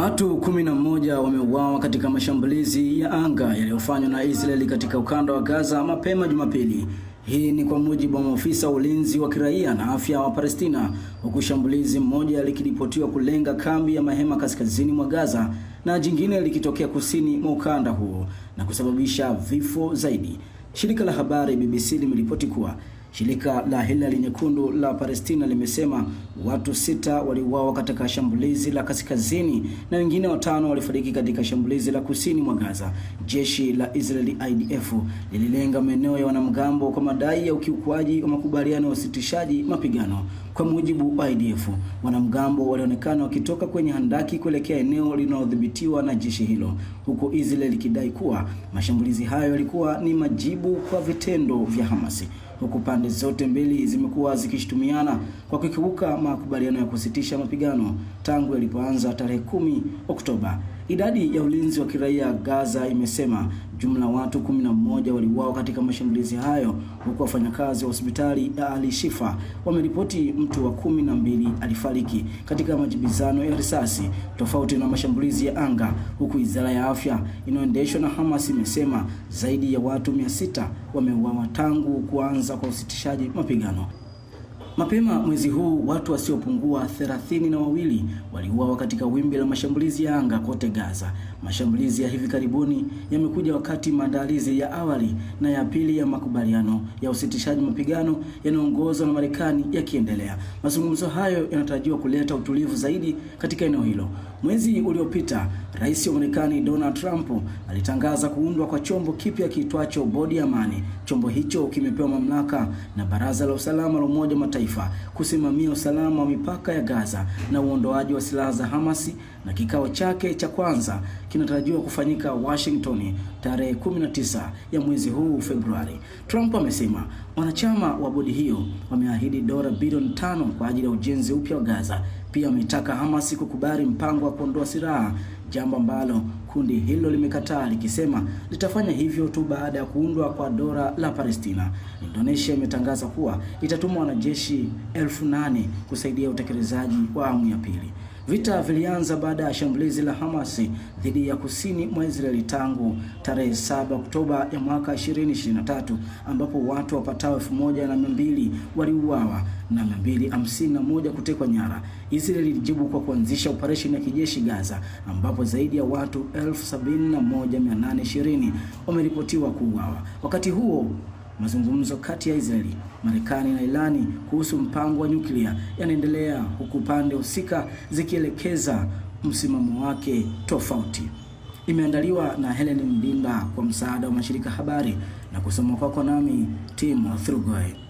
Watu kumi na mmoja wameuawa katika mashambulizi ya anga yaliyofanywa na Israeli katika ukanda wa Gaza mapema Jumapili. Hii ni kwa mujibu wa maafisa wa ulinzi wa kiraia na afya wa Palestina, huku shambulizi mmoja likiripotiwa kulenga kambi ya mahema kaskazini mwa Gaza na jingine likitokea kusini mwa ukanda huo na kusababisha vifo zaidi. Shirika la habari BBC limeripoti kuwa Shirika la Hilali Nyekundu la Palestina limesema watu sita waliuawa katika shambulizi la kaskazini na wengine watano walifariki katika shambulizi la kusini mwa Gaza. Jeshi la Israeli IDF lililenga maeneo ya wanamgambo kwa madai ya ukiukwaji wa makubaliano ya usitishaji mapigano. Kwa mujibu wa IDF, wanamgambo walionekana wakitoka kwenye handaki kuelekea eneo linalodhibitiwa na jeshi hilo, huku Israeli ikidai kuwa mashambulizi hayo yalikuwa ni majibu kwa vitendo vya Hamasi huku pande zote mbili zimekuwa zikishutumiana kwa kukiuka makubaliano ya kusitisha mapigano tangu yalipoanza tarehe kumi Oktoba Idadi ya ulinzi wa kiraia Gaza imesema jumla watu 11 waliuawa katika mashambulizi hayo, huku wafanyakazi wa hospitali ya ali Shifa wameripoti mtu wa kumi na mbili alifariki katika majibizano ya risasi tofauti na mashambulizi ya anga, huku wizara ya afya inayoendeshwa na Hamas imesema zaidi ya watu 600 wameuawa tangu kuanza kwa usitishaji mapigano. Mapema mwezi huu watu wasiopungua thelathini na wawili waliuawa katika wimbi la mashambulizi ya anga kote Gaza. Mashambulizi ya hivi karibuni yamekuja wakati maandalizi ya awali na ya pili ya makubaliano ya usitishaji mapigano yanayoongozwa na Marekani yakiendelea. Mazungumzo hayo yanatarajiwa kuleta utulivu zaidi katika eneo hilo. Mwezi uliopita rais wa Marekani Donald Trump alitangaza kuundwa kwa chombo kipya kiitwacho Bodi ya Amani. Chombo hicho kimepewa mamlaka na Baraza la Usalama la Umoja wa Mataifa kusimamia usalama wa mipaka ya Gaza na uondoaji wa silaha za Hamasi, na kikao chake cha kwanza kinatarajiwa kufanyika Washington tarehe 19 ya mwezi huu Februari. Trump amesema wanachama wa bodi hiyo wameahidi dola bilioni tano kwa ajili ya ujenzi upya wa Gaza pia ameitaka Hamas kukubali mpango wa kuondoa silaha, jambo ambalo kundi hilo limekataa likisema litafanya hivyo tu baada ya kuundwa kwa dola la Palestina. Indonesia imetangaza kuwa itatuma wanajeshi elfu nane kusaidia utekelezaji wa awamu ya pili. Vita vilianza baada ya shambulizi la Hamasi dhidi ya kusini mwa Israeli tangu tarehe 7 Oktoba ya mwaka 2023 ambapo watu wapatao elfu moja na mia mbili waliuawa na 251 kutekwa nyara. Israeli ilijibu kwa kuanzisha operesheni ya kijeshi Gaza, ambapo zaidi ya watu 71820 wameripotiwa kuuawa. Wakati huo Mazungumzo kati ya Israeli, Marekani na Irani kuhusu mpango wa nyuklia yanaendelea huku pande husika zikielekeza msimamo wake tofauti. Imeandaliwa na Helen Mdimba kwa msaada wa mashirika habari na kusoma kwako nami Tim Thrugoy.